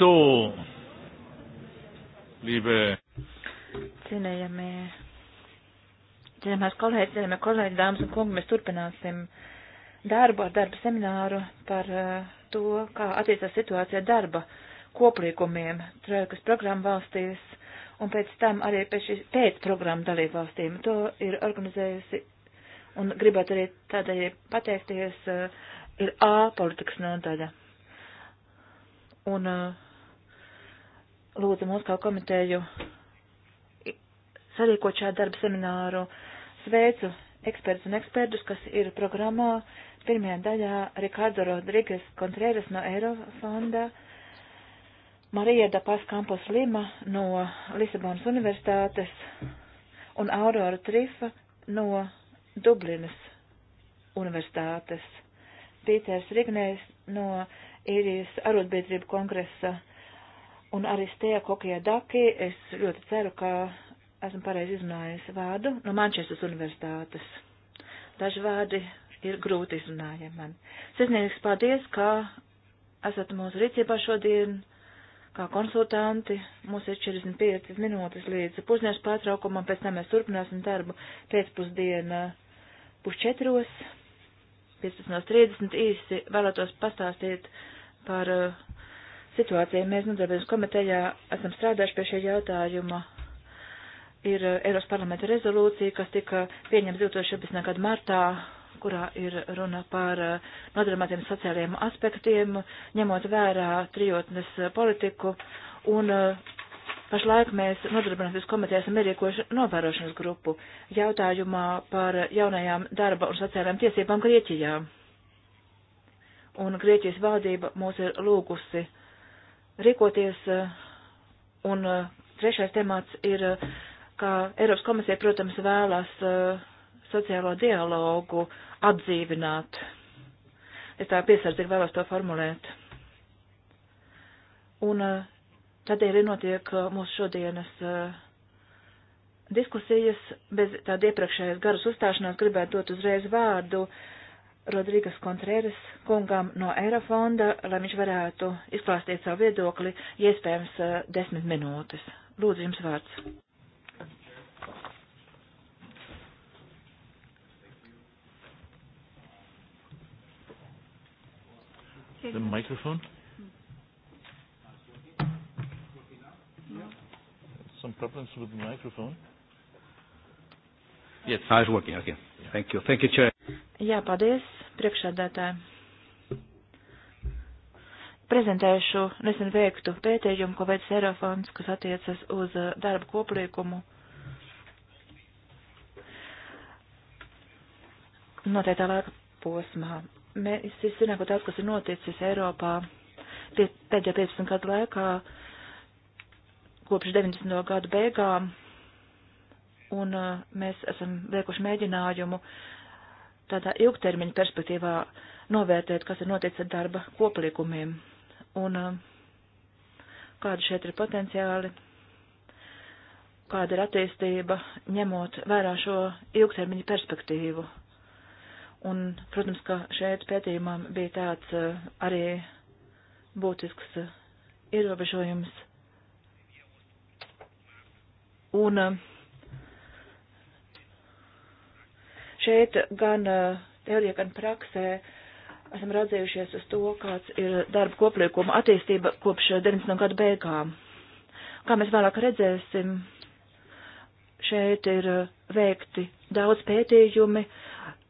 So, liebe. Cienējamie, cienējamās kolēģi, cienējamie kolēģi, dāmas un kungi, mēs turpināsim darbu ar darba semināru par eh, to, kā attiecās situācija darba koplīkumiem trojkas programmu valstīs un pēc tam arī pēc, šis, pēc programmu dalību valstīm. To ir organizējusi un gribētu arī tādēļ pateikties, eh, ir A politikas nodaļa. Un uh, lūdza mūs kā komiteju sarīkot šādu darbu semināru. Sveicu ekspertus un ekspertus, kas ir programmā. Pirmajā daļā Rikardo Rodrigues Contreras no Eirofonda, Marija Dapas Kampos Lima no Lisabonas Universitātes un Aurora Trifa no Dublinas Universitātes. Pīters Rignēs no Īrijas arotbiedrību kongresa un arī Stēja Kokijā Daki. Es ļoti ceru, ka esmu pareizi izrunājis vārdu no Manchestras universitātes. Daži vārdi ir grūti izrunājami man. Sesnieks, paldies, ka esat mūsu rīcībā šodien. Kā konsultanti mums ir 45 minūtes līdz pusdienas pārtraukumam, pēc tam mēs turpināsim darbu pēcpusdienā pusčetros. 15.30 īsi vēlētos pastāstīt par uh, situācija. Mēs nodarbības komitejā esam strādājuši pie šī jautājuma. Ir eh, Eiros parlamenta rezolūcija, kas tika pieņemta 2017. gada martā, kurā ir runa par eh, nodarbinātiem sociālajiem aspektiem, ņemot vērā trijotnes eh, politiku. Un pašlaik mēs nodarbinātības komiteja esam ierīkojuši novērošanas grupu jautājumā par jaunajām darba un sociālajām tiesībām Grieķijā un Grieķijas valdība mūs ir lūgusi rīkoties. Eh, un eh, trešais temats ir, eh, kā Eiropas komisija, protams, vēlas sociālo dialogu atdzīvināt. Es tā piesardzīgi vēlos to formulēt. Un tādēļ ir notiek mūsu šodienas diskusijas, bez tāda iepriekšējas garas uzstāšanās gribētu dot uzreiz vārdu uh, Rodrīgas Kontrēras kungam no Eirofonda, lai viņš varētu izklāstīt savu viedokli, iespējams, eh, desmit minūtes. Lūdzu, jums vārds. The microphone? Some problems with the microphone? Yes, ah, it's working. Okay. Thank you. Thank you, Chair. Jā, paldies priekšsādātāji. Prezentēšu nesen veiktu pētījumu, ko veids Eirofons, kas attiecas uz uh, darba kopliekumu. Noteiktā laika posmā. Mēs visi zinām, ka daudz kas ir noticis Eiropā pēdējā 15 gadu laikā, kopš 90. gadu beigām, un uh, mēs esam veikuši mēģinājumu uh, tādā ilgtermiņa perspektīvā novērtēt, kas ir noticis ar darba koplikumiem un kādi šeit ir potenciāli, kāda ir attīstība, ņemot vērā šo ilgtermiņa perspektīvu. Un, protams, ka šeit pētījumam bija tāds arī būtisks ierobežojums. Un uh, Šeit gan eh, teorijā, gan praksē esam redzējušies uz to, kāds ir darba koplīkuma attīstība kopš 90. gada beigām. Kā mēs vēlāk redzēsim, šeit ir veikti daudz pētījumi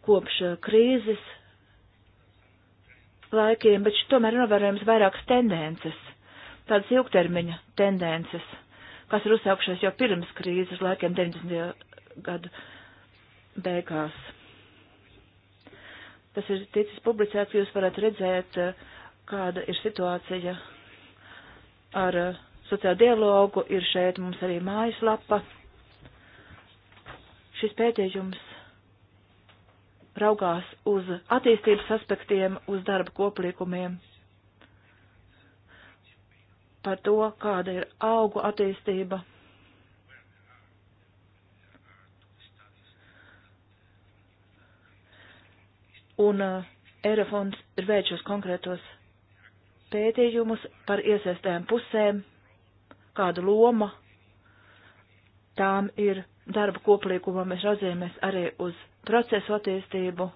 kopš krīzes laikiem, bet tomēr novērojams vairākas tendences, tādas ilgtermiņa tendences, kas ir uzsākušās jau pirms krīzes laikiem 90. gadu beigās. Tas ir ticis publicēts, jūs varat redzēt, eh, kāda ir situācija ar eh, sociālo dialogu. Ir šeit mums arī mājaslapa. Šis pētījums raugās uz attīstības aspektiem, uz darba koplīkumiem, par to, kāda ir augu attīstība un uh, Eirofonds ir veikšos konkrētos pētījumus par iesaistēm pusēm, kāda loma tām ir darba koplīkumā. Mēs raudzījāmies arī uz procesu attīstību,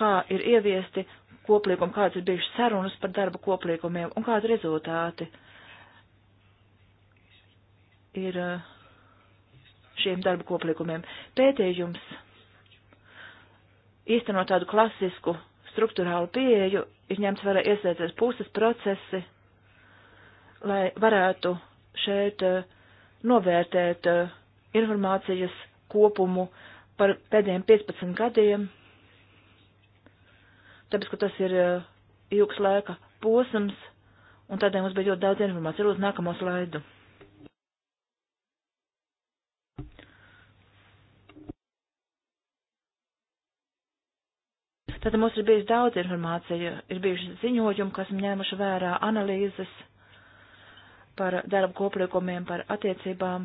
kā ir ieviesti koplīkumi, kādas ir bijušas sarunas par darba koplīkumiem un kādi rezultāti ir uh, šiem darba koplīkumiem. Pētījums īstenot tādu klasisku struktūrālu pieeju, ir ņemts vērā iesaistīties puses procesi, lai varētu šeit eh, novērtēt eh, informācijas kopumu par pēdējiem 15 gadiem, tāpēc, ka tas ir eh, ilgs laika posms, un tādēļ mums bija ļoti daudz informācijas. Lūdzu, nākamo slaidu. Tātad mums ir bijis daudz informācija, ir bijuši ziņojumi, kas ņēmuši vērā analīzes par darba koplīkumiem, par attiecībām.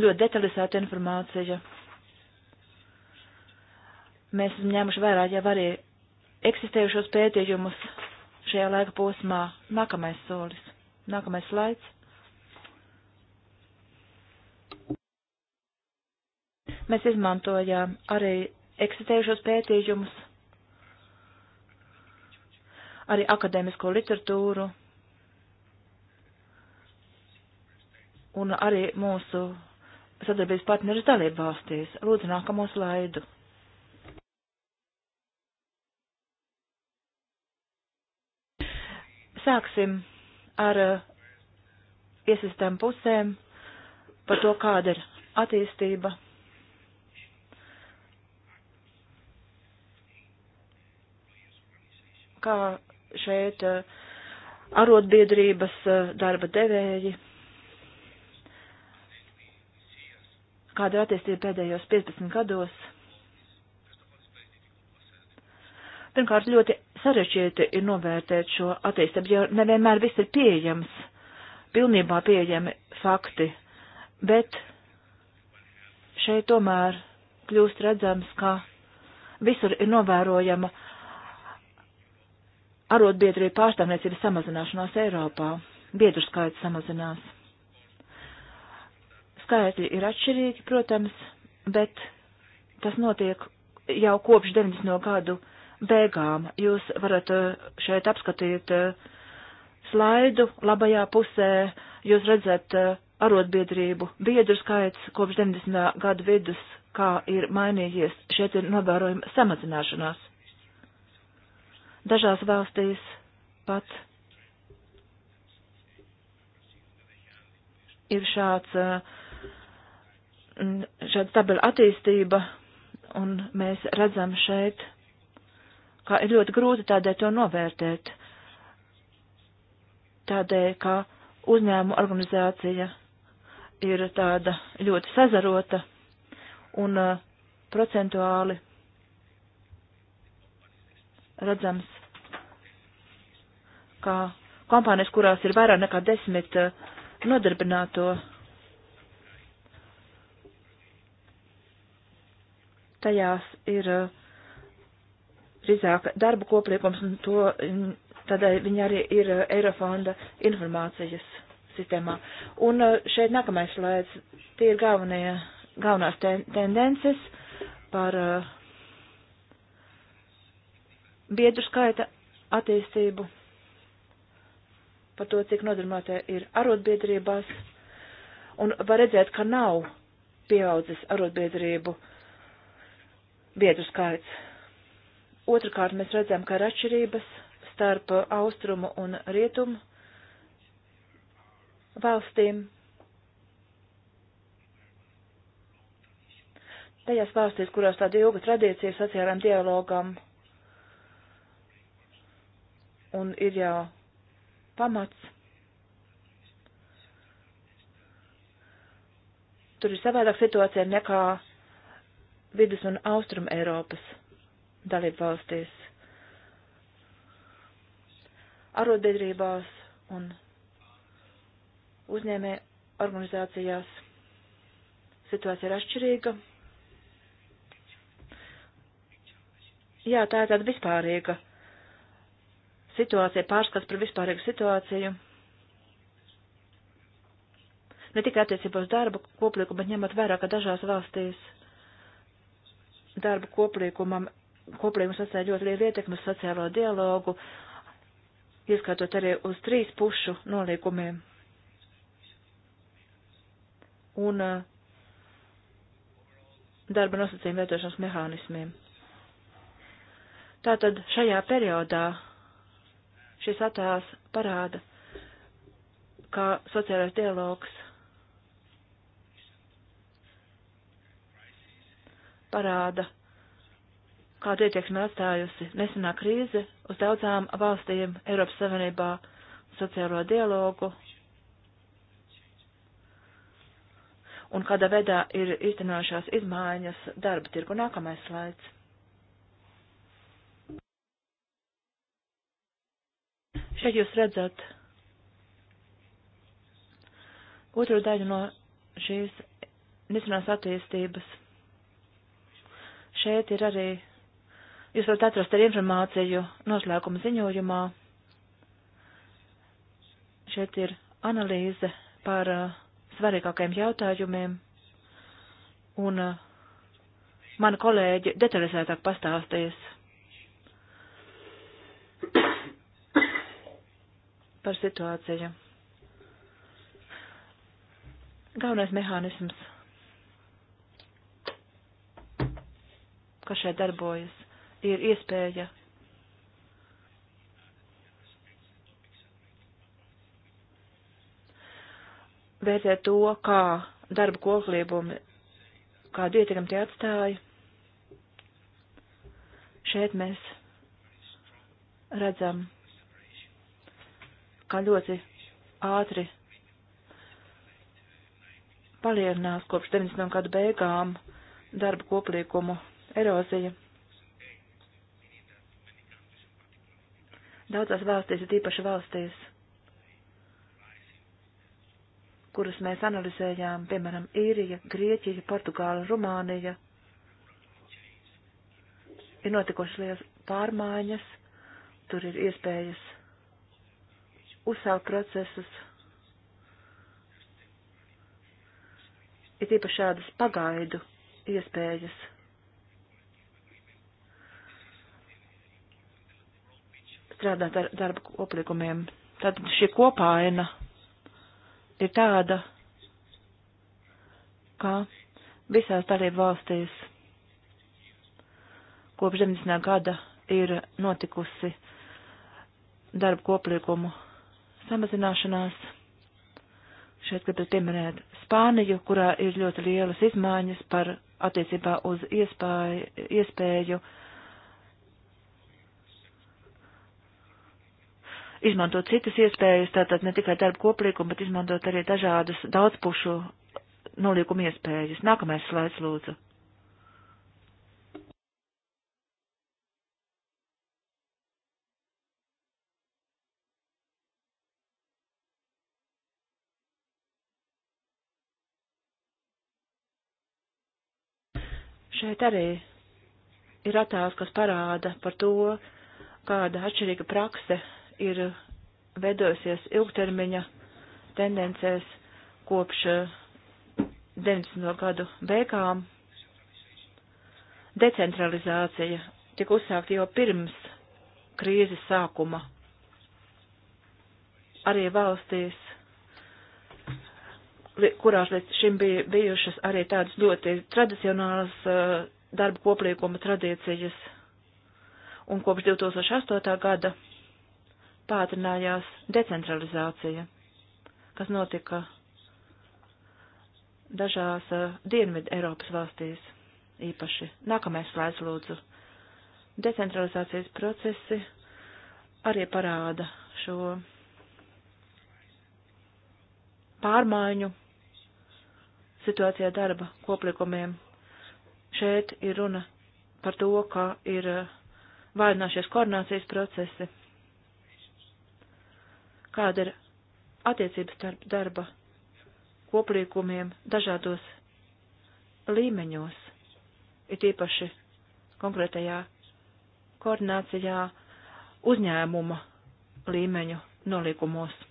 Ļoti detalizēta informācija. Mēs esam ņēmuši vērā jau arī eksistējušos pētījumus šajā laika posmā. Nākamais solis, nākamais slaids. Mēs izmantojām arī eksistējušos pētījumus, arī akadēmisko literatūru un arī mūsu sadarbības partnerus dalību valstīs. Lūdzu, nākamo slaidu. Sāksim ar uh, iesaistām pusēm par to, kāda ir attīstība kā šeit eh, arotbiedrības eh, darba devēji, kāda ir attīstība pēdējos 15 gados. Pirmkārt, ļoti sarežģīti ir novērtēt šo attīstību, jo nevienmēr viss ir pieejams, pilnībā pieejami fakti, bet šeit tomēr kļūst redzams, ka visur ir novērojama arotbiedrību pārstāvniecības samazināšanos Eiropā. Biedru skaits samazinās. Skaitļi ir atšķirīgi, protams, bet tas notiek jau kopš 90. gadu beigām. Jūs varat eh, šeit apskatīt eh, slaidu labajā pusē, jūs redzat eh, arotbiedrību biedru skaits kopš 90. gadu vidus, kā ir mainījies, šeit ir novērojama samazināšanās. Dažās valstīs pat ir šāds, eh, šāda stabila attīstība, un mēs redzam šeit, ka ir ļoti grūti tādēļ to novērtēt. Tādēļ, ka uzņēmuma organizācija ir tāda ļoti sazarota un eh, procentuāli redzams, ka kompānijas, kurās ir vairāk nekā desmit eh, nodarbināto, tajās ir eh, rizāk darba kopliekums, un to mm, tādēļ viņi arī ir eh, Eirofonda informācijas sistēmā. Un šeit nākamais slaids, tie ir galvenie, galvenās ten, tendences par uh, biedru skaita attīstību, par to, cik nodarbinātie ir arotbiedrībās, un var redzēt, ka nav pieaudzis arotbiedrību biedru skaits. Otrakārt, mēs redzam, ka ir atšķirības starp austrumu un rietumu valstīm. Tajās valstīs, kurās tāda ilga tradīcija sociālajām dialogām un ir jau pamats. Tur ir savādāk situācija nekā vidus un austrum Eiropas dalību valstīs. Arotbiedrībās un uzņēmē organizācijās situācija ir atšķirīga. Jā, tā ir tāda vispārīga situācija, pārskats par vispārīgu situāciju. Ne tikai attiecībā uz darba koplīkumu, bet ņemot vērā, ka dažās valstīs darba koplīkumam, koplīgums atstāja ļoti lielu ietekmi uz sociālo dialogu, ieskaitot arī uz trīs pušu nolīkumiem. Un eh, darba nosacījumu vietošanas mehānismiem. Tātad šajā periodā Šis attēls parāda, kā sociālais dialogs parāda, kādu ietieksmi atstājusi nesenā krīze uz daudzām valstīm Eiropas Savienībā sociālo dialogu un kādā veidā ir iztenojušās izmaiņas darba tirgu. Nākamais slaids. Šeit jūs redzat otro daļu no šīs nesenās attīstības. Šeit ir arī, jūs varat atrast arī informāciju noslēguma ziņojumā. Šeit ir analīze par uh, svarīgākajiem jautājumiem, un uh, mani kolēģi detalizētāk pastāstīs par situāciju. Galvenais mehānisms, kas šeit darbojas, ir iespēja vērtēt to, kā darba kopliebumi, kādu ietekmi tie atstāja. Šeit mēs redzam kā ļoti ātri palielinās kopš 90. gadu beigām darba koplīkumu erozija. Daudzās valstīs, ir īpaši valstīs, kuras mēs analizējām, piemēram, Īrija, Grieķija, Portugāla, Rumānija, ir notikušas liels pārmaiņas, tur ir iespējas uzsākt procesus. Ir tīpaši šādas pagaidu iespējas. Strādāt ar darba koplīgumiem. Tad šī kopaina ir tāda, ka visās dalību valstīs kopš 90. gada ir notikusi darba koplīgumu samazināšanās. Šeit gribu pieminēt Spāniju, kurā ir ļoti lielas izmaiņas par attiecībā uz iespēju, iespēju izmantot citas iespējas, tātad ne tikai darba koplīkumu, bet izmantot arī dažādas daudzpušu nolīkumu iespējas. Nākamais slaids, lūdzu. Šeit arī ir attēls, kas parāda par to, kāda atšķirīga prakse ir veidojusies ilgtermiņa tendencēs kopš 90. Eh, gadu beigām. Decentralizācija tika uzsākta jau pirms krīzes sākuma. Arī valstīs kurās līdz šim bija bijušas arī tādas ļoti tradicionālas uh, darba koplīguma tradīcijas. Un kopš 2008. gada pātrinājās decentralizācija, kas notika dažās uh, Dienvidu Eiropas valstīs īpaši. Nākamais slaids lūdzu. Decentralizācijas procesi arī parāda šo pārmaiņu situācijā darba koplikumiem. Šeit ir runa par to, ka ir eh, vājinājušies koordinācijas procesi, kāda ir attiecības starp darba koplīkumiem dažādos līmeņos, ir tīpaši konkrētajā koordinācijā uzņēmuma līmeņu nolīkumos.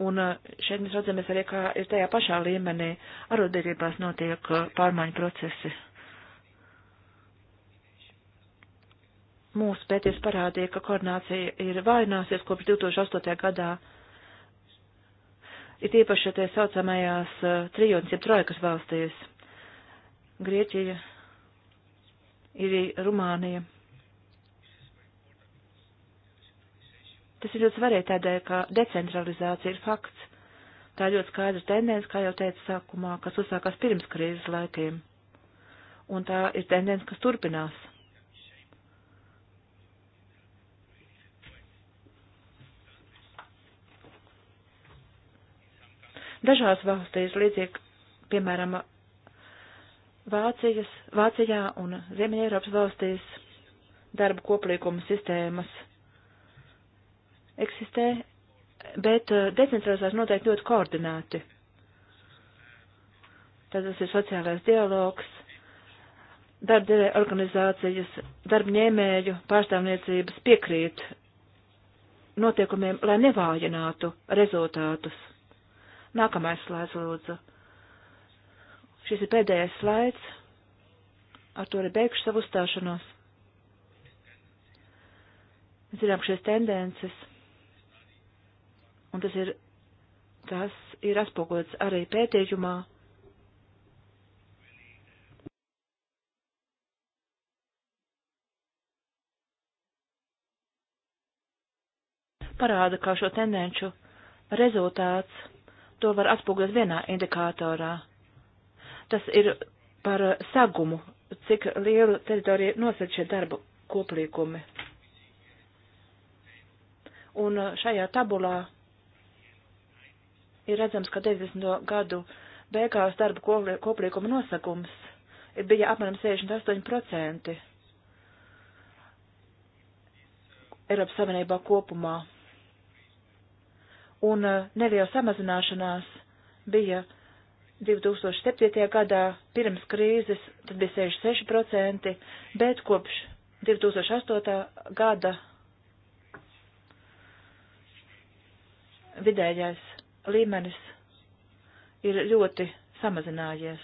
Un eh, šeit mēs redzamies arī, kā ir tajā pašā līmenī arotbiedrībās notiek eh, pārmaiņu procesi. Mūsu pēties parādīja, ka koordinācija ir vājināsies kopš 2008. gadā. Ir īpaši tie saucamajās eh, trijonas, jeb trojkas valstīs. Grieķija, Irija, Rumānija. Tas ir ļoti svarīgi tādēļ, ka decentralizācija ir fakts. Tā ir ļoti skaidra tendence, kā jau teicu sākumā, kas uzsākās pirms krīzes laikiem. Un tā ir tendence, kas turpinās. Dažās valstīs, līdzīgi, piemēram, Vācijas, Vācijā un Ziemeļa Eiropas valstīs, darba koplīguma sistēmas eksistē, bet eh, decentralizācija noteikti ļoti koordināti. Tad tas ir sociālais dialogs, darbdevēja organizācijas, darbņēmēju pārstāvniecības piekrīt notiekumiem, lai nevājinātu rezultātus. Nākamais slaids, lūdzu. Šis ir pēdējais slaids. Ar to arī beigšu savu stāšanos. Zinām, šīs tendences un tas ir, tas ir atspoguļots arī pētījumā. Parāda, kā šo tendenču rezultāts to var atspoguļot vienā indikātorā. Tas ir par sagumu, cik lielu teritoriju nosaka šie darba koplīkumi. Un šajā tabulā ir redzams, ka 90. gadu beigās darba koplīkuma nosakums bija apmēram 68% Eiropas Savienībā kopumā. Un eh, neliela samazināšanās bija 2007. gadā pirms krīzes, tad bija 66%, bet kopš 2008. gada vidējais līmenis ir ļoti samazinājies.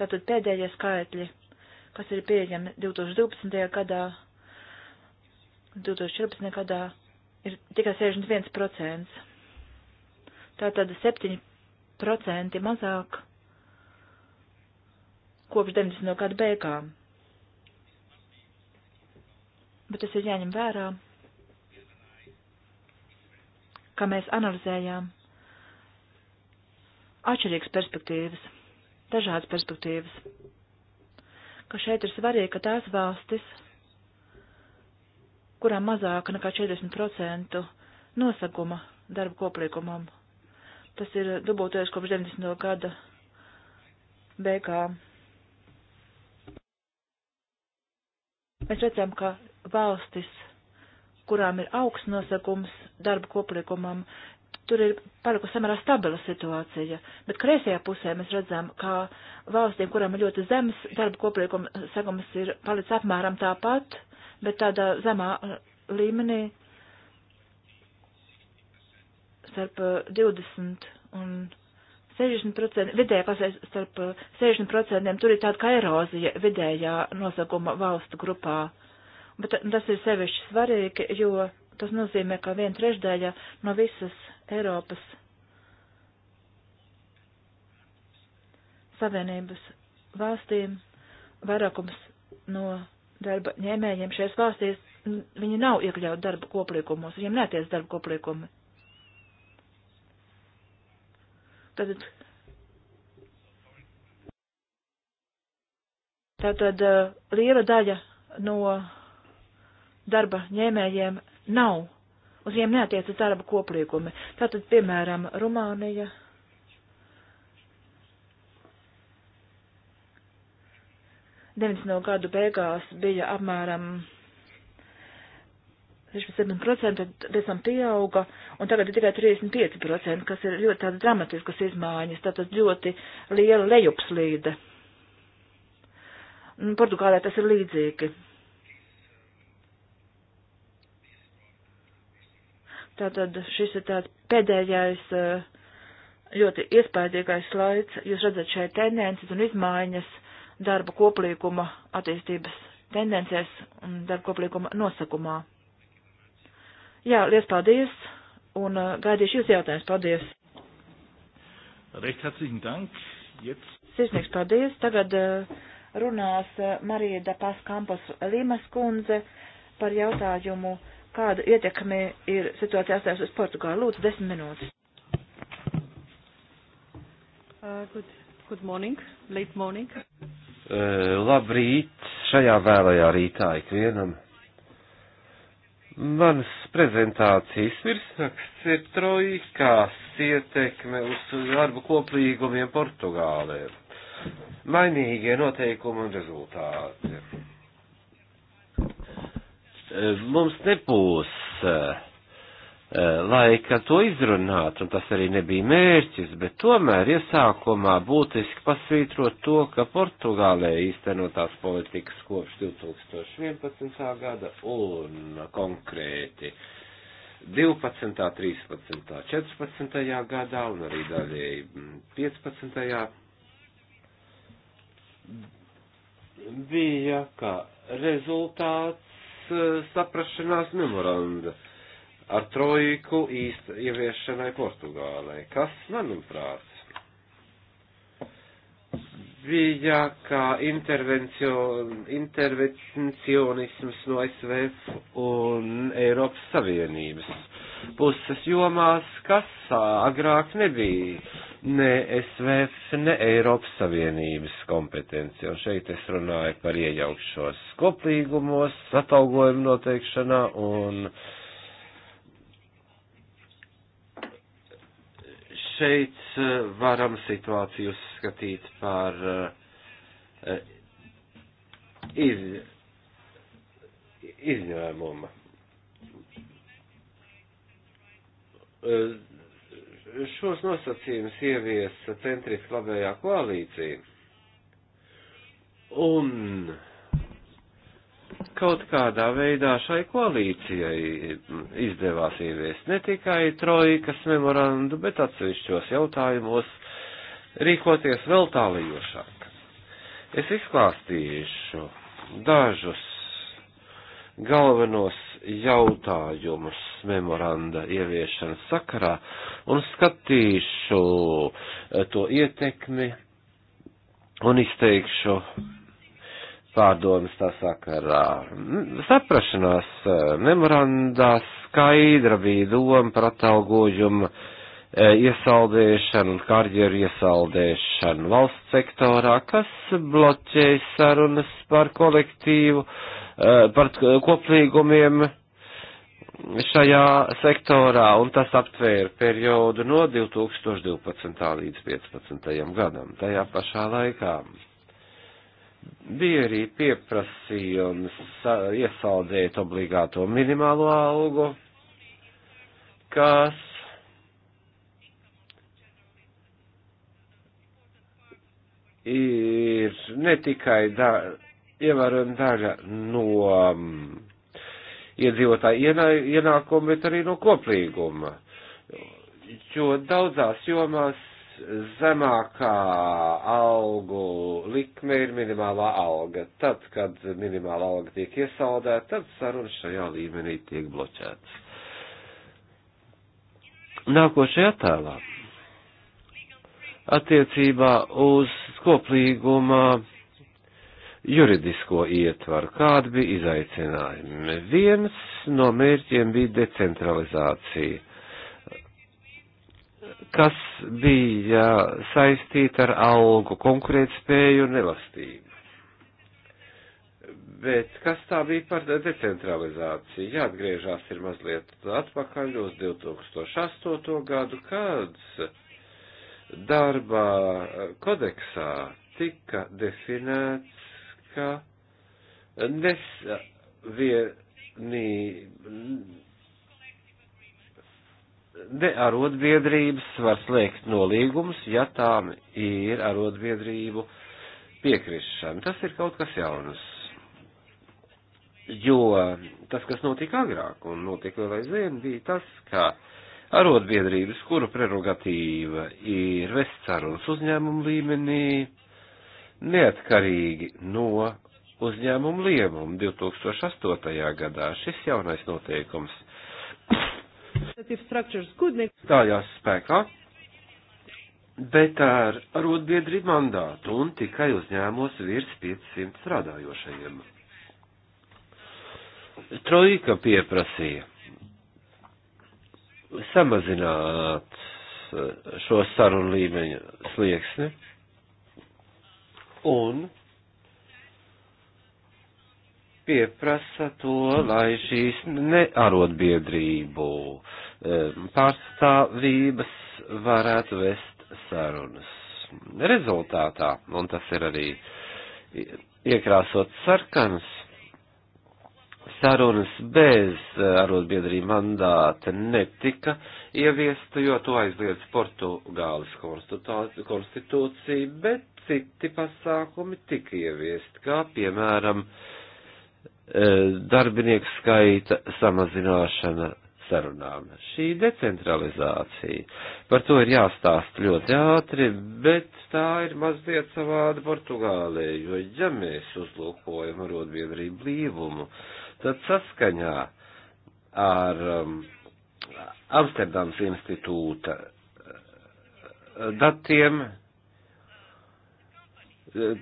Tātad pēdējie skaitļi, kas ir pieejami 2012. gadā, 2014. gadā, ir tikai 61%. Tātad 7% mazāk kopš 90. gada beigām. Bet tas ir jāņem vērā, ka mēs analizējām atšķirīgas perspektīvas, dažādas perspektīvas. Ka šeit ir svarīgi, ka tās valstis, kurām mazāk nekā 40% nosaguma darba koplīgumam, tas ir dubultojies kopš 90. gada beigām. Mēs redzam, ka valstis, kurām ir augsts nosakums darba koplīgumam, tur ir palikusi samērā stabila situācija, bet kreisajā pusē mēs redzam, ka valstīm, kurām ir ļoti zemes darba kopriekuma segums, ir palicis apmēram tāpat, bet tādā zemā uh, līmenī starp 20 uh, un 60%, vidēji pasēs starp 60%, uh, tur ir tāda kā erozija vidējā nosakuma valstu grupā. Bet tas ir sevišķi svarīgi, jo tas nozīmē, ka viena trešdaļa no visas Eiropas Savienības valstīm vairākums no darba ņēmējiem šajās valstīs, viņi nav iekļauti darba koplīkumos, viņiem neties darba koplīkumi. Tātad, tātad uh, liela daļa no darba ņēmējiem nav uz viņiem neatiecas darba koplīgumi. Tātad, piemēram, Rumānija. Deviņdesmit no gadu beigās bija apmēram 16%, pēc tam pieauga, un tagad ir tikai 35%, kas ir ļoti tādas dramatiskas izmaiņas, tātad ļoti liela lejupslīde. Portugālē tas ir līdzīgi. Tātad šis ir tāds pēdējais eh, ļoti iespaidīgais slaids. Jūs redzat šeit tendences un izmaiņas darba koplīguma attīstības tendencēs un darba koplīguma nosakumā. Jā, liels paldies un eh, gaidīšu jūs jautājumus. Paldies! Recht herzlichen Dank. Jetzt. Sirsnīgs paldies. Tagad eh, runās Marija Dapas Kampos Limas kundze par jautājumu kāda ietekme ir situācija atstājus uz Portugālu. Lūdzu, desmit minūtes. Uh, good, good morning, late morning. Uh, labrīt, šajā vēlajā rītā ikvienam. Manas prezentācijas virsraksts ir trojkās ietekme uz darbu koplīgumiem Portugālē. Mainīgie noteikumi un rezultāti Eh, mums nebūs eh, eh, laika to izrunāt, un tas arī nebija mērķis, bet tomēr iesākumā būtiski pasvītrot to, ka Portugālē īstenotās politikas kopš 2011. gada un konkrēti 12., 13., 14. gadā un arī daļēji 15. Mm, bija, ka rezultāts Eh, saprašanās memoranda ar trojku īst ieviešanai Portugālei, kas, manuprāt, bija kā intervencionisms no SVF un Eiropas Savienības puses jomās, kas agrāk nebija ne SVF, ne Eiropas Savienības kompetenci. Un šeit es runāju par iejaukšos koplīgumos, atalgojumu noteikšanā un šeit eh, varam situāciju uzskatīt par eh, iz, izņēmumu eh, šos nosacījumus ieviesa centriski labējā koalīcija. Un kaut kādā veidā šai koalīcijai izdevās ieviest ne tikai trojkas memorandu, bet atsevišķos jautājumos rīkoties vēl tālajošāk. Es izklāstīšu dažus galvenos jautājumus memoranda ieviešanas sakarā un skatīšu eh, to ietekmi un izteikšu pārdomas tā sakarā. Mm, saprašanās eh, memorandā skaidra bija doma par atalgojumu eh, iesaldēšanu un karjeru iesaldēšanu valsts sektorā, kas bloķēja sarunas par kolektīvu Eh, par koplīgumiem šajā sektorā, un tas aptvēra periodu no 2012. līdz 2015. gadam, tajā pašā laikā bija arī pieprasījums iesaldēt obligāto minimālo algu, kas ir ne tikai da, ievērojama daļa no um, iedzīvotāju ienākumu, bet arī no koplīguma. Jo daudzās jomās zemākā algu likme ir minimālā alga. Tad, kad minimālā alga tiek iesaldēta, tad sarunas šajā līmenī tiek bloķētas. Nākošajā tēlā attiecībā uz koplīguma juridisko ietvaru, kādi bija izaicinājumi. Viens no mērķiem bija decentralizācija, kas bija saistīta ar algu konkurētspēju un elastību. Bet kas tā bija par decentralizāciju? Jāatgriežās ir mazliet atpakaļ uz 2008. gadu, kad darbā kodeksā tika definēts ka nesvienī, ne arotbiedrības var slēgt nolīgumus, ja tām ir arotbiedrību piekrišana. Tas ir kaut kas jaunas. Jo tas, kas notika agrāk un notika vēl aizvien, bija tas, ka arotbiedrības, kuru prerogatīva ir vest sarunas uzņēmumu līmenī, neatkarīgi no uzņēmumu liemumu 2008. gadā. Šis jaunais noteikums stājās spēkā, bet ar arotbiedrību mandātu un tikai uzņēmos virs 500 strādājošajiem. Trojka pieprasīja samazināt šo sarunu līmeņa slieksni un pieprasa to, lai šīs nearotbiedrību e, pārstāvības varētu vest sarunas. Rezultātā, un tas ir arī iekrāsot sarkanas, sarunas bez e, arotbiedrību mandāta netika ieviesta, jo to aizliedz Portugāles konstitūcija, bet citi pasākumi tika ieviesti, kā piemēram e, darbinieku skaita samazināšana sarunām. Šī decentralizācija, par to ir jāstāst ļoti ātri, bet tā ir mazliet savāda Portugālē, jo ja mēs uzlūkojam arotbiedrību blīvumu, tad saskaņā ar um, Amsterdams institūta e, datiem Eh,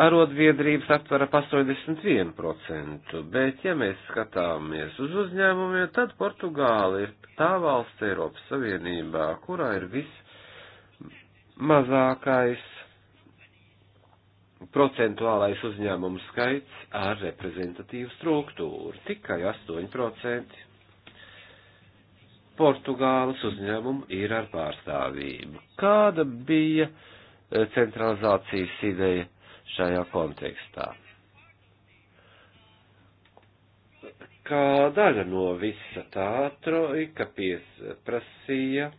arotbiedrības aptver ap 81%, bet ja mēs skatāmies uz uzņēmumiem, tad Portugāla ir tā valsts Eiropas Savienībā, kurā ir vismazākais procentuālais uzņēmumu skaits ar reprezentatīvu struktūru - tikai 8%. Portugāles uzņēmumu ir ar pārstāvību. Kāda bija uh, centralizācijas ideja šajā kontekstā. Kā daļa no visa tā trojka pieprasīja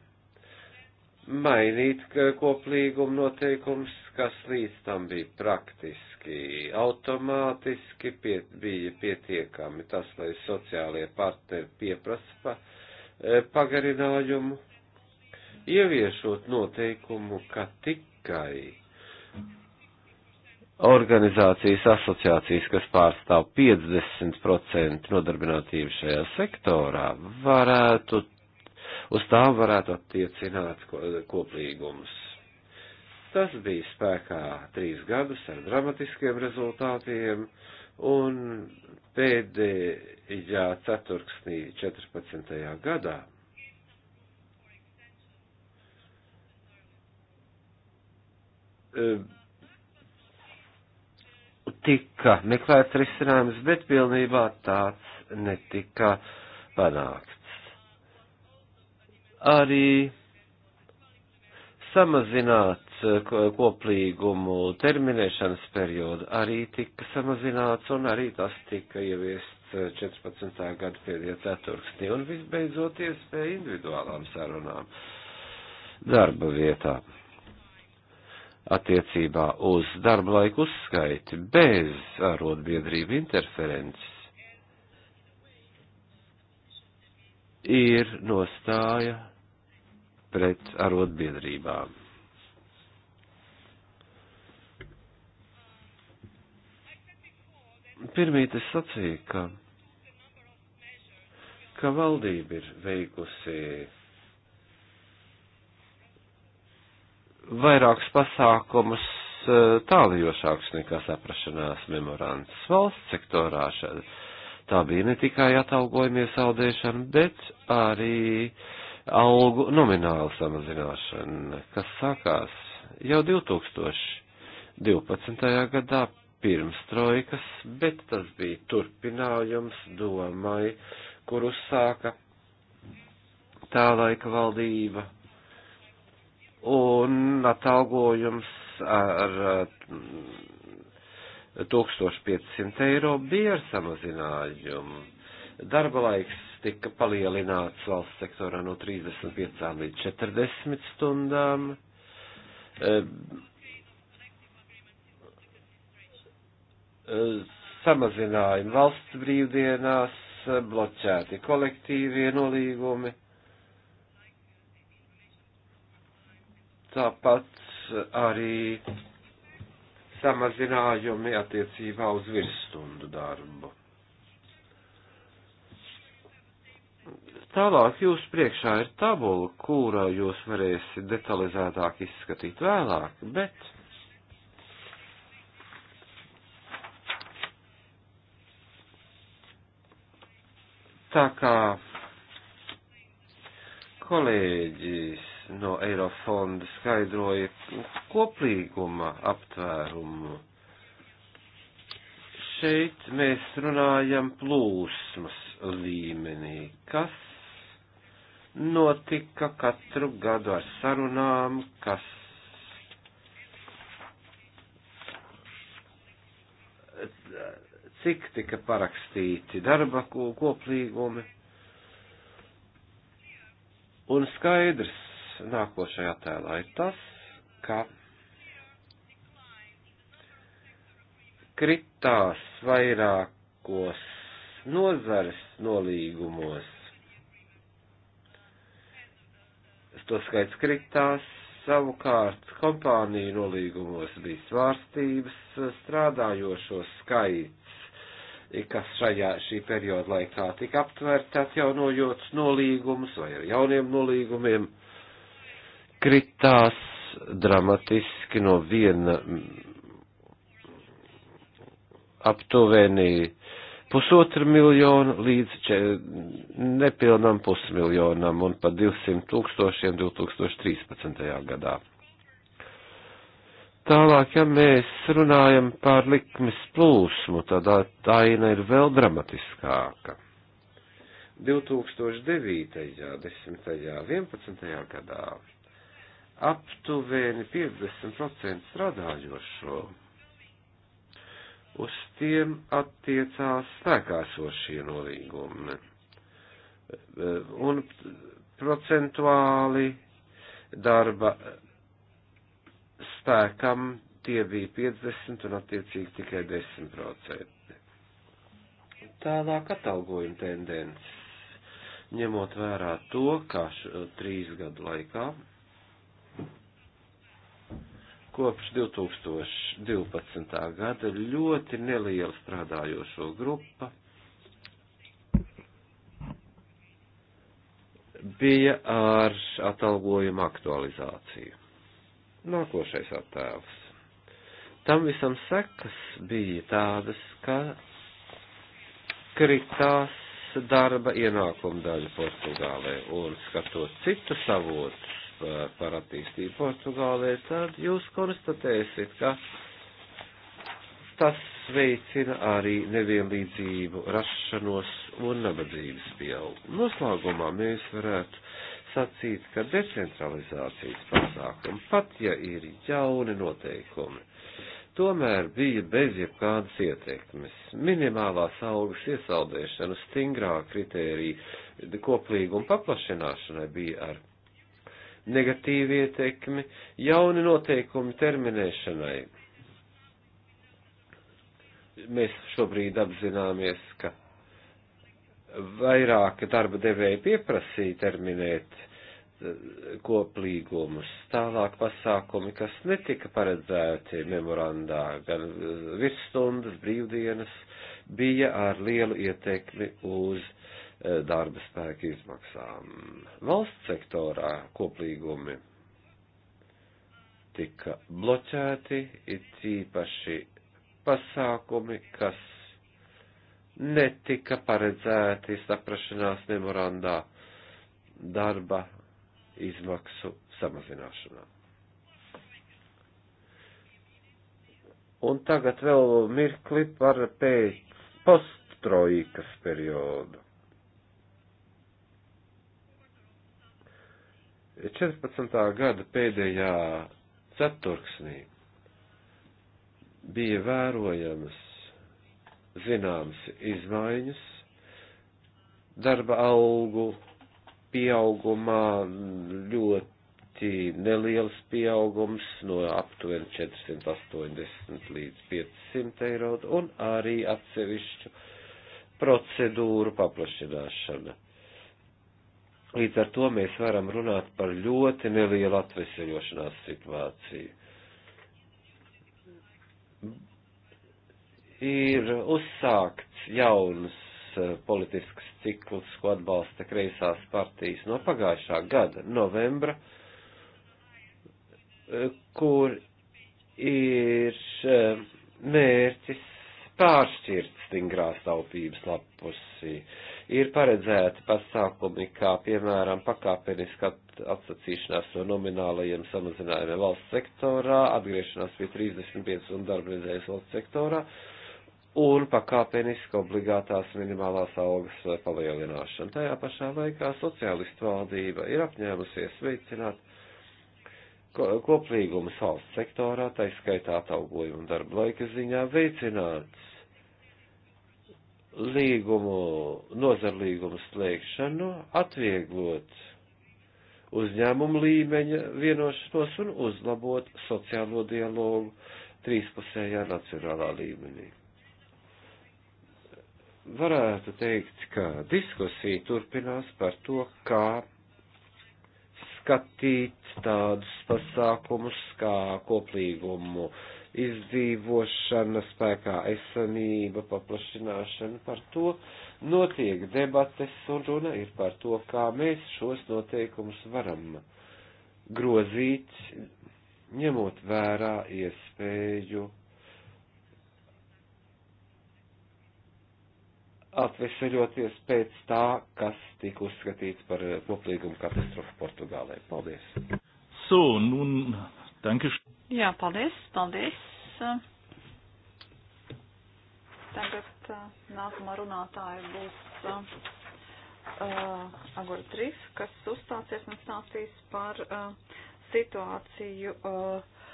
mainīt koplīguma noteikums, kas līdz tam bija praktiski automātiski, pie, bija pietiekami tas, lai sociālie partneri pieprasa pa, e, pagarinājumu, ieviešot noteikumu, ka tik tikai organizācijas asociācijas, kas pārstāv 50% nodarbinātību šajā sektorā, varētu, uz tām varētu attiecināt koplīgumus. Tas bija spēkā trīs gadus ar dramatiskiem rezultātiem, un pēdējā ceturksnī 14. gadā Eh, tika meklēts risinājums, bet pilnībā tāds netika panākts. Arī samazināt eh, koplīgumu terminēšanas periodu arī tika samazināts, un arī tas tika ieviests 14. Eh, gada pēdējā ceturksnī, un visbeidzot iespēja individuālām sarunām darba vietām attiecībā uz darba laiku uzskaiti bez arotbiedrību interferences ir nostāja pret arotbiedrībām. Pirmīt es sacīju, ka, ka valdība ir veikusi vairākus pasākumus eh, tālajošāks nekā saprašanās memorands valsts sektorā. Tā bija ne tikai atalgojumies saldēšana, bet arī algu nomināla samazināšana, kas sākās jau 2012. gadā pirms trojkas, bet tas bija turpinājums domai, kur uzsāka tā laika valdība un atalgojums ar 1500 mm, eiro bija ar samazinājumu. Darba laiks tika palielināts valsts sektorā no 35 līdz 40 stundām. Samazinājumi valsts brīvdienās, bloķēti kolektīvie nolīgumi Tāpat arī samazinājumi attiecībā uz virsstundu darbu. Tālāk jūs priekšā ir tabula, kurā jūs varēsiet detalizētāk izskatīt vēlāk, bet tā kā kolēģis no Eirofonda skaidroja koplīguma aptvērumu. Šeit mēs runājam plūsmas līmenī, kas notika katru gadu ar sarunām, kas cik tika parakstīti darba koplīgumi. Un skaidrs, nākošajā tēlā ir tas, ka kritās vairākos nozares nolīgumos. To skaits kritās, savukārt kompāniju nolīgumos bija svārstības, strādājošo skaits, kas šajā šī perioda laikā tika aptvērts atjaunojot nolīgumus vai ar jauniem nolīgumiem nokritās dramatiski no viena aptuveni pusotra miljonu līdz če, nepilnam pusmiljonam un pa 200 tūkstošiem 2013. gadā. Tālāk, ja mēs runājam par likmes plūsmu, tad aina ir vēl dramatiskāka. 2009., 10., 11. gadā aptuveni 50% strādājošo. Uz tiem attiecās spēkāsošie nolīgumi. Un procentuāli darba spēkam tie bija 50 un attiecīgi tikai 10%. Tālāk atalgojuma tendences, ņemot vērā to, ka trīs gadu laikā kopš 2012. gada ļoti neliela strādājošo grupa bija ar atalgojumu aktualizāciju. Nākošais attēls. Tam visam sekas bija tādas, ka kritās darba ienākuma daļa Portugālē un skatot citu savotus, par attīstību Portugālē, tad jūs konstatēsiet, ka tas veicina arī nevienlīdzību, rašanos un nabadzības pieaugumu. Noslēgumā mēs varētu sacīt, ka decentralizācijas pasākumi, pat ja ir jauni noteikumi, tomēr bija bez jebkādas ietekmes. Minimālās augas iesaldēšana, stingrā kritērija koplīguma paplašināšanai bija ar negatīvu ietekmi, jauni noteikumi terminēšanai. Mēs šobrīd apzināmies, ka vairāk darba devēja pieprasīja terminēt eh, koplīgumus, tālāk pasākumi, kas netika paredzēti memorandā, gan eh, virsstundas, brīvdienas, bija ar lielu ietekmi uz uh, E, darba spēka izmaksām. Valsts sektorā koplīgumi tika bloķēti, it īpaši pasākumi, kas netika paredzēti saprašanās memorandā darba izmaksu samazināšanā. Un tagad vēl mirkli par pēc posttrojkas periodu. 14. gada pēdējā ceturksnī bija vērojamas zināmas izmaiņas darba algu pieaugumā, ļoti neliels pieaugums no aptuveni 480 līdz 500 eiro un arī atsevišķu procedūru paplašināšana. Līdz ar to mēs varam runāt par ļoti nelielu atveseļošanās situāciju. Ir uzsākts jauns eh, politisks cikls, ko atbalsta kreisās partijas no pagājušā gada novembra, eh, kur ir eh, mērķis pāršķirt stingrās taupības lapusi. Uh, ir paredzēti pasākumi, kā piemēram pakāpeniska atsacīšanās no nominālajiem samazinājumiem valsts sektorā, atgriešanās pie 35 un darba nedēļas valsts sektorā un pakāpeniska obligātās minimālās algas palielināšana. Tajā pašā laikā sociālistu valdība ir apņēmusies veicināt koplīgumus valsts sektorā, taiskaitā atalgojumu un darba laika ziņā, veicināt līgumu, nozarlīgumu slēgšanu, atvieglot uzņēmumu līmeņa vienošanos un uzlabot sociālo dialogu trīspusējā nacionālā līmenī. Varētu teikt, ka diskusija turpinās par to, kā skatīt tādus pasākumus kā koplīgumu uh, izdzīvošana, spēkā esamība, paplašināšana, par to notiek debates un runa ir par to, kā mēs šos noteikumus varam grozīt, ņemot vērā iespēju atveseļoties pēc tā, kas tika uzskatīts par koplīgumu katastrofu Portugālē. Paldies! So, nun Dankeschön. Jā, paldies, paldies. Tagad uh, nākamā runātāja būs uh, uh, Agora Trif, kas uzstāsies un stāstīs par uh, situāciju uh,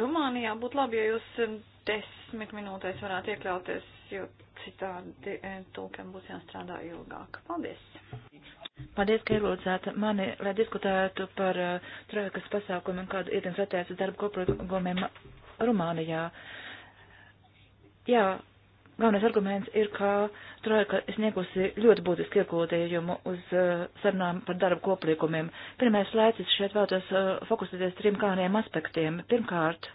Rumānijā. Būtu labi, ja jūs desmit minūtēs varētu iekļauties, jo citādi eh, tulkiem būs jāstrādā ilgāk. Paldies! Paldies, ka ielūdzāt mani, lai diskutētu par uh, trojkas pasākumiem, kādu ietins attiecas darba koprodogumiem Rumānijā. Jā, galvenais arguments ir, ka trojka sniegusi ļoti būtisku ieguldījumu uz uh, sarunām par darba koplīgumiem. Pirmais lēcis šeit vēlētos uh, fokusēties trim galvenajiem aspektiem. Pirmkārt,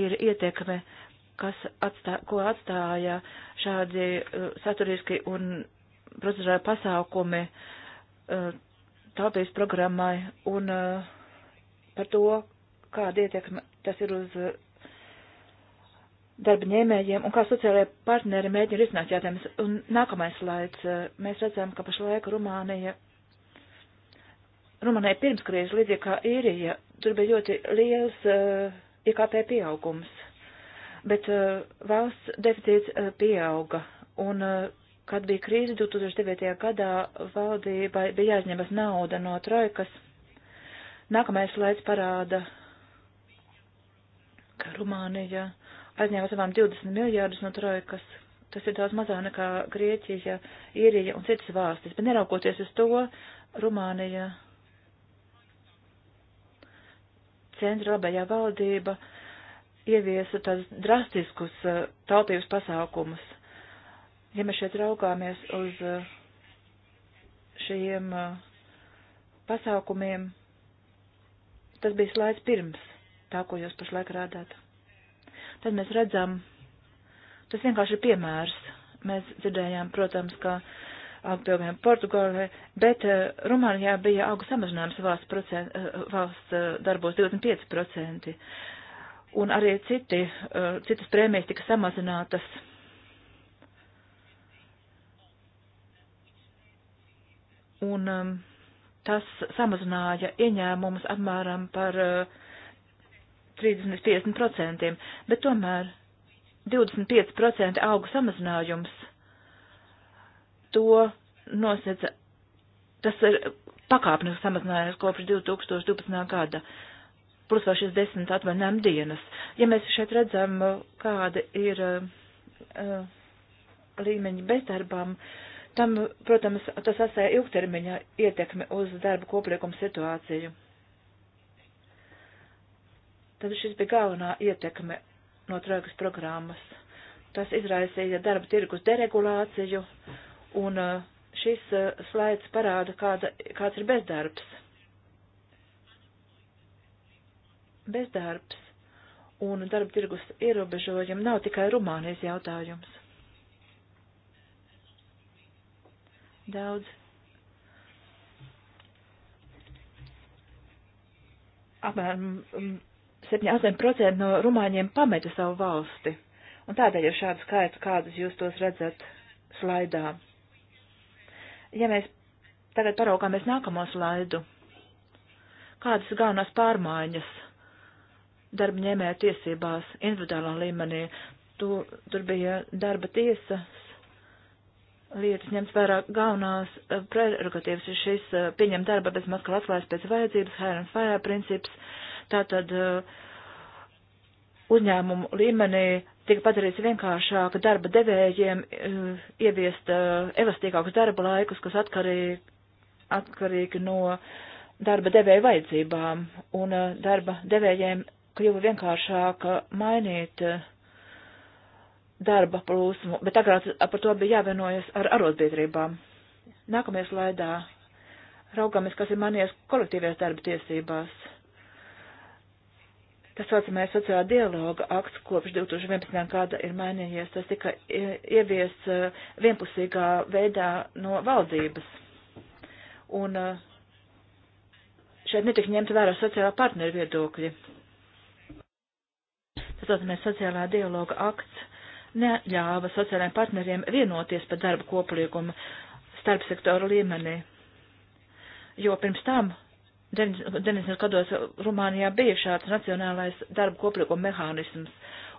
ir ietekme, kas atstā, ko atstāja šādi uh, saturiski un procedurāli pasākumi uh, Eh, taupības programmai un eh, par to, kāda ietekme tas ir uz eh, darba ņēmējiem un kā sociālajie partneri mēģina risināt jautājumus. Un nākamais slaids. Mēs redzam, ka pašlaik Rumānija, Rumānija pirms krīzes, līdzīgi kā īrija, tur bija ļoti liels uh, IKP pieaugums. Bet uh, valsts deficīts uh, pieauga un uh, kad bija krīze 2009. gadā, valdībai bija jāizņemas nauda no trojkas. Nākamais slaids parāda, ka Rumānija aizņēma savām 20 miljārdus no trojkas. Tas ir daudz mazāk nekā Grieķija, Īrija un citas valstis, bet neraugoties uz to, Rumānija centra labējā valdība ieviesa tādus drastiskus uh, taupības pasākumus Ja mēs šeit raugāmies uz eh, šiem eh, pasākumiem, tas bija slaids pirms tā, ko jūs pašlaik rādāt. Tad mēs redzam, tas vienkārši ir piemērs. Mēs dzirdējām, protams, ka apdomiem Portugālē, bet eh, Rumānijā bija augu samazinājums valsts, procent, valsts darbos 25%. Un arī citi, citas prēmijas tika samazinātas un um, tas samazināja ieņēmumus apmēram par uh, 30-50%, bet tomēr 25% augu samazinājums to nosacīja. Tas ir pakāpnes samazinājums kopš 2012. gada, plus vēl šis desmit atvainājuma dienas. Ja mēs šeit redzam, uh, kāda ir uh, uh līmeņa bezdarbam, uh, Tam, protams, tas asē ilgtermiņa ietekme uz darba koplīgumu situāciju. Tad šis bija galvenā ietekme no trojkas programmas. Tas izraisīja darba tirgus deregulāciju, un uh, šis uh, slaids parāda, kāda, kāds ir bezdarbs. Bezdarbs un darba tirgus ierobežojumi nav tikai Rumānijas jautājums. daudz apmēram 7-8% mm, no rumāņiem pameta savu valsti. Un tādēļ ir šāds skaits, kādus jūs tos redzat slaidā. Ja mēs tagad paraugāmies nākamo slaidu, kādas galvenās pārmaiņas darba ņēmēja tiesībās individuālā līmenī, tur, tur bija darba tiesas lietas ņemts vērā galvenās eh, prerogatīvas ir šis eh, pieņem darba bez maskala atklājas pēc vajadzības, hair and fire princips. Tātad eh, uzņēmumu līmenī tika padarīts vienkāršāk darba devējiem ieviest elastīgākus darba laikus, kas atkarīgi, atkarīgi no darba devēja vajadzībām, un darba devējiem kļuva vienkāršāk mainīt uh, darba plūsmu, bet agrāk par to bija jāvienojas ar arotbiedrībām. Nākamajā slaidā raugamies, kas ir manies kolektīvajās darba tiesībās. Tas saucamais sociālā dialoga akts kopš 2011. gada ir mainījies. Tas tika ievies uh, vienpusīgā veidā no valdības. Un uh, šeit netika ņemta vērā sociālā partneru viedokļi. Tas saucamais sociālā dialoga akts neļāva sociālajiem partneriem vienoties par darba koplīgumu starp sektoru līmenī. Jo pirms tam 90. gados Rumānijā bija šāds nacionālais darba koplīguma mehānisms,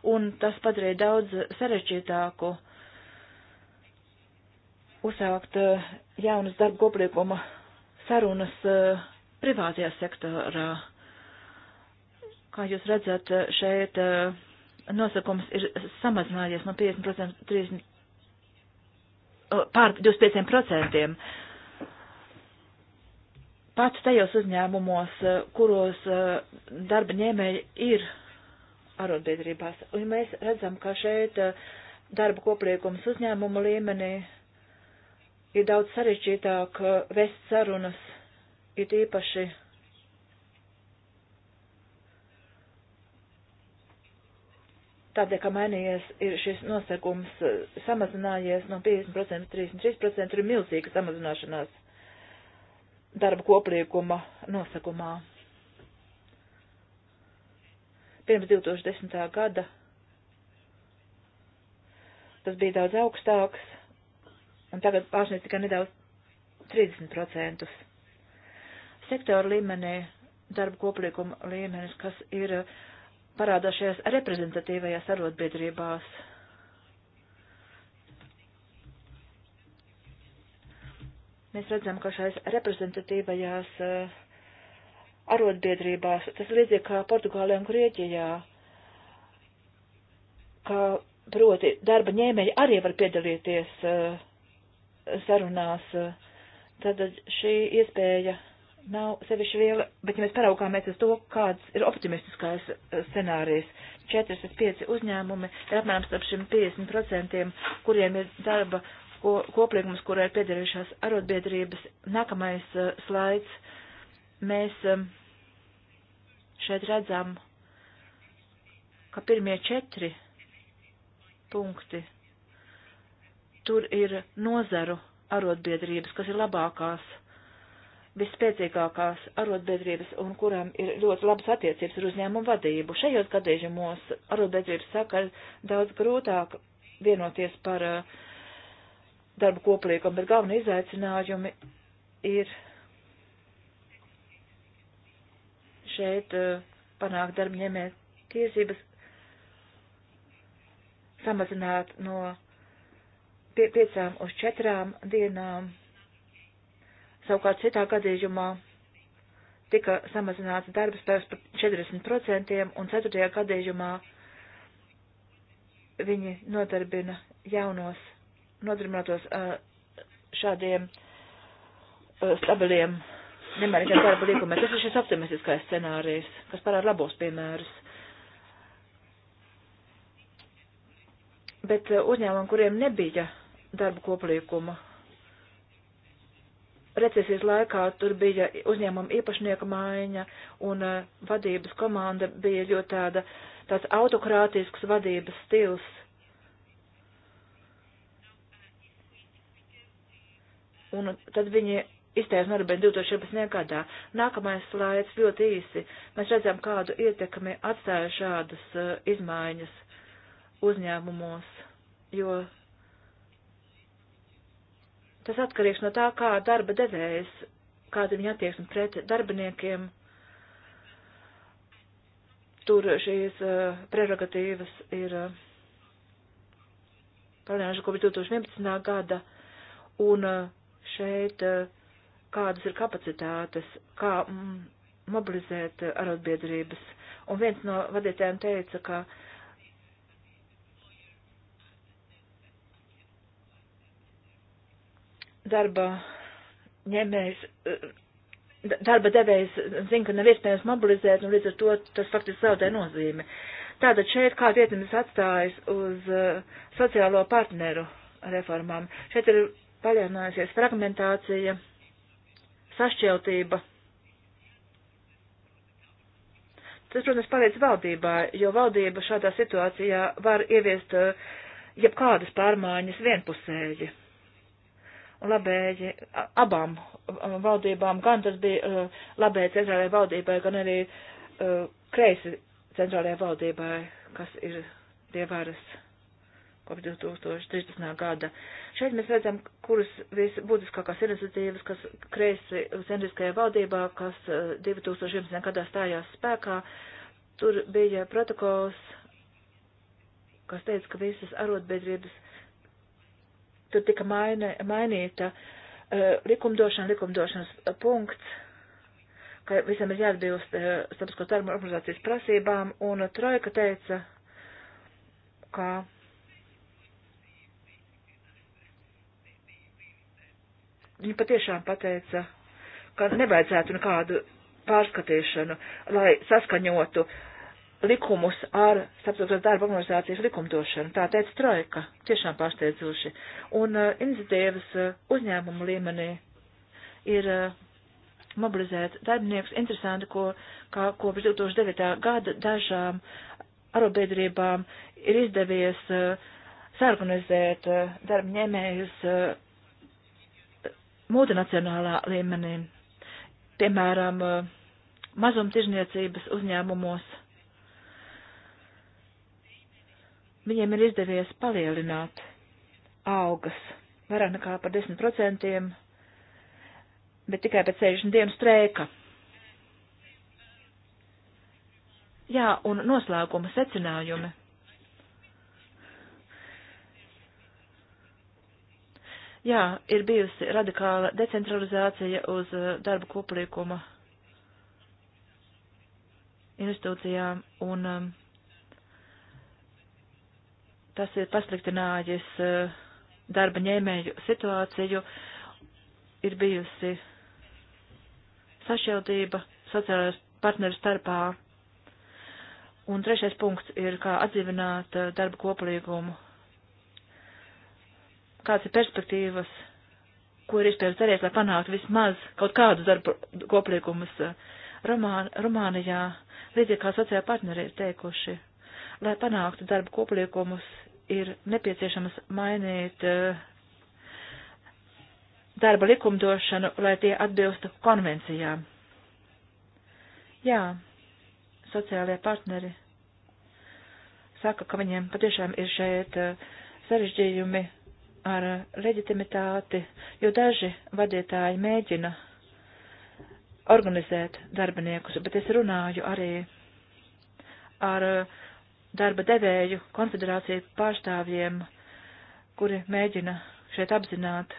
un tas padarīja daudz sarežģītāku uzsākt eh, jaunas darba koplīguma sarunas eh, privātajā sektorā. Kā jūs redzat, eh, šeit uh, nosakums ir samazinājies no 50% 30, pār 25%. Pat tajos uzņēmumos, e, kuros e, darba ņēmēji ir arotbiedrībās. Un mēs redzam, ka šeit e, darba kopliekums uzņēmumu līmenī ir daudz sarežģītāk vest sarunas, ir īpaši Tādēļ, ka mainījies ir šis nosakums eh, samazinājies no 50% 33%, tur ir milzīga samazināšanās darba koplīguma nosakumā. Pirms 2010. gada tas bija daudz augstāks, un tagad pārsniedz tikai nedaudz 30%. Sektora līmenī, darba koplīguma līmenis, kas ir uh, parādās šajās reprezentatīvajās arotbiedrībās. Mēs redzam, ka šajās reprezentatīvajās eh, arotbiedrībās, tas līdzīgi kā Portugālē un Grieķijā, ka proti darba ņēmēji arī var piedalīties eh, sarunās, tad šī iespēja nav sevišķi viela, bet ja mēs paraugāmies uz to, kāds ir optimistiskais eh, scenārijs, 4 līdz 5 uzņēmumi ir apmēram starp šiem 50%, kuriem ir darba ko, koplīgums, kurā ir piedarījušās arotbiedrības. Nākamais uh, slaids. Mēs um, šeit redzam, ka pirmie četri punkti tur ir nozaru arotbiedrības, kas ir labākās visspēcīgākās arotbiedrības un kurām ir ļoti labas attiecības ar uzņēmumu vadību. Šajos gadījumos arotbiedrības saka daudz grūtāk vienoties par uh, darbu koplīgumu, bet galvenie izaicinājumi ir šeit uh, panākt darbņēmē tiesības, samazināt no piecām uz četrām dienām Savukārt citā gadījumā tika samazināts darba spēks par 40%, un ceturtajā gadījumā viņi nodarbina jaunos, nodarbinātos šādiem stabiliem nemainīgiem darba līgumiem. Tas ir šis optimistiskais scenārijs, kas parāda labos piemērus. Bet uzņēmumam, kuriem nebija darba koplīkuma, recesijas laikā tur bija uzņēmuma īpašnieka maiņa un uh, vadības komanda bija ļoti tāda, tāds autokrātisks vadības stils. Un tad viņi izteica norabēnu 2014. gadā. Nākamais slaids ļoti īsi. Mēs redzam, kādu ietekmi atstāja šādas uh, izmaiņas uzņēmumos, jo Tas atkarīgs no tā, kā darba devējs, kāda viņa attieksme pret darbiniekiem. Tur šīs uh, prerogatīvas ir uh, eh, palielinājušas kopš 2011. gada, un uh, šeit uh, kādas ir kapacitātes, kā mm, mobilizēt uh, arotbiedrības. Un viens no vadītājiem teica, ka uh, darba ņemējs, eh, darba devējs zina, ka nav iespējams mobilizēt, un līdz ar to tas faktiski zaudē nozīmi. Tātad šeit kāda ietekmes atstājas uz eh, sociālo partneru reformām. Šeit ir paļaujusies fragmentācija, sašķeltība. Tas, protams, palīdz valdībā, jo valdība šādā situācijā var ieviest eh, jebkādas pārmaiņas vienpusēji labēji abām valdībām, gan tas bija labēji centrālajai valdībai, gan arī kreisi centrālajai valdībai, kas ir pie varas kopš 2013. gada. Šeit mēs redzam, kuras visbūtiskākās iniciatīvas, kas kreisi centriskajā valdībā, kas 2011. gadā stājās spēkā, tur bija protokols, kas teica, ka visas arotbiedrības tur tika maini, mainīta uh, likumdošana, likumdošanas punkts, ka visam ir jāatbilst uh, e, starpsko darbu organizācijas prasībām, un uh, Trojka teica, ka viņa patiešām pateica, ka nevajadzētu nekādu pārskatīšanu, lai saskaņotu uh, likumus ar starptautiskās darba organizācijas likumdošanu. Tā teica Trojka, tiešām pārsteidzoši. Un uh, iniciatīvas uh, uzņēmuma līmenī ir uh, mobilizēt darbinieks. Interesanti, ko, kā kopš 2009. gada dažām arobiedrībām ir izdevies uh, sarganizēt uh, darba ņēmējus uh, multinacionālā līmenī. Piemēram, uh, mazumtirzniecības uzņēmumos viņiem ir izdevies palielināt augas vairāk nekā par 10%, bet tikai pēc 60 dienu streika. Jā, un noslēguma secinājumi. Jā, ir bijusi radikāla decentralizācija uz eh, darba koplīkuma institūcijām un um, Tas ir pasliktinājis eh, darba ņēmēju situāciju, ir bijusi sašķeldība sociālajos partneru starpā. Un trešais punkts ir, kā atdzīvināt eh, darba koplīgumu. Kāds ir perspektīvas, ko ir iespējams darīt, lai panāktu vismaz kaut kādus darba koplīgumus eh, Romānijā, līdzīgi kā sociālai partneri ir teikuši. Lai panāktu darba kopliekumus, ir nepieciešams mainīt eh, darba likumdošanu, lai tie atbilstu konvencijām. Jā, sociālajie partneri saka, ka viņiem patiešām ir šeit eh, sarežģījumi ar eh, leģitimitāti, jo daži vadītāji mēģina organizēt darbiniekus, bet es runāju arī ar darba devēju konfederāciju pārstāvjiem, kuri mēģina šeit apzināt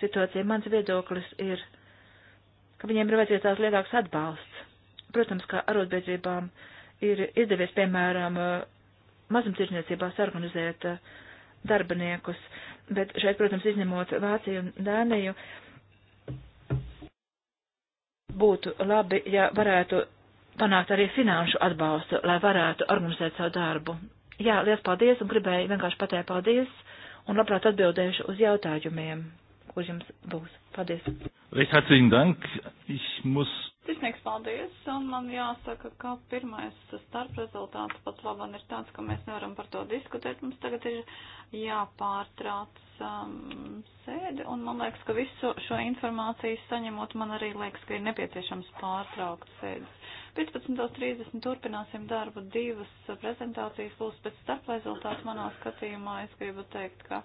situāciju. Mans viedoklis ir, ka viņiem ir vajadzīgs tās lielāks atbalsts. Protams, kā arotbiedrībām ir izdevies, piemēram, mazumtirdzniecībās organizēt eh, darbiniekus, bet šeit, protams, izņemot Vāciju un Dāniju, būtu labi, ja varētu panākt arī finanšu atbalstu, lai varētu organizēt savu darbu. Jā, liels paldies un gribēju vienkārši pateikt paldies un labprāt atbildēšu uz jautājumiem, kurš jums būs. Paldies. Recht herzlichen Dank. Ich muss Sirsnīgs paldies, un man jāsaka, ka pirmais starp rezultāts pat labam ir tāds, ka mēs nevaram par to diskutēt. Mums tagad ir jāpārtrauc um, sēdi, un man liekas, ka visu šo informāciju saņemot, man arī liekas, ka ir nepieciešams pārtraukt sēdes. 15.30 turpināsim darbu, divas prezentācijas būs pēc starp rezultātu manā skatījumā. Es gribu teikt, ka,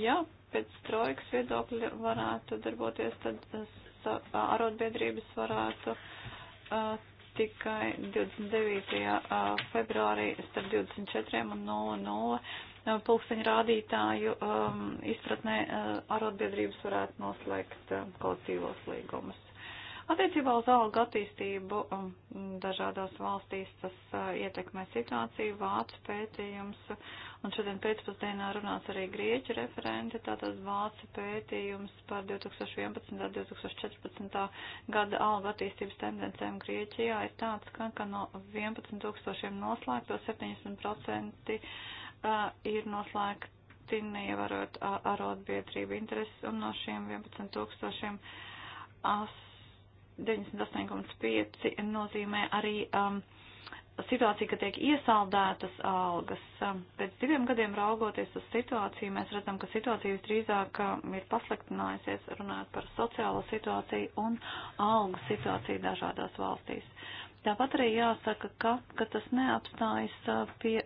ja pēc trojkas viedokļa varētu darboties, tad arotbiedrības varētu tikai 29. februārī starp 24 un 00 pulksteņu rādītāju um, izpratnē uh, arotbiedrības varētu noslēgt uh, kolektīvos līgumus. Attiecībā uz algu attīstību um, dažādās valstīs tas uh, ietekmē situāciju, vācu pētījums, un šodien pēcpusdienā runās arī grieķu referenti, tātad vācu pētījums par 2011. un 2014. gada algu attīstības tendencēm Grieķijā ir tāds, ka, ka no 11 tūkstošiem noslēgto 70% uh, ir noslēgti neievērot arotbiedrību intereses, un no šiem 11 tūkstošiem 8 98,5 nozīmē arī um, situācija, ka tiek iesaldētas algas. Um, pēc diviem gadiem raugoties uz situāciju, mēs redzam, ka situācija visdrīzāk um, ir pasliktinājusies, runājot par sociālo situāciju un algu situāciju dažādās valstīs. Uh, Tāpat arī jāsaka, ka, ka tas neapstājas pie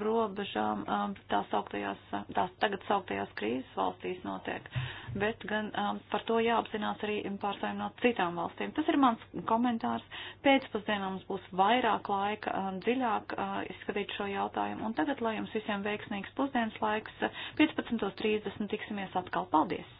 robežām tās, augtajās, tās tagad sauktajās krīzes valstīs notiek, bet gan par to jāapzinās arī pārstāvjiem no citām valstīm. Tas ir mans komentārs. Pēcpusdienā mums būs vairāk laika dziļāk izskatīt šo jautājumu. Un tagad, lai jums visiem veiksmīgs pusdienas laiks, 15.30 tiksimies atkal. Paldies!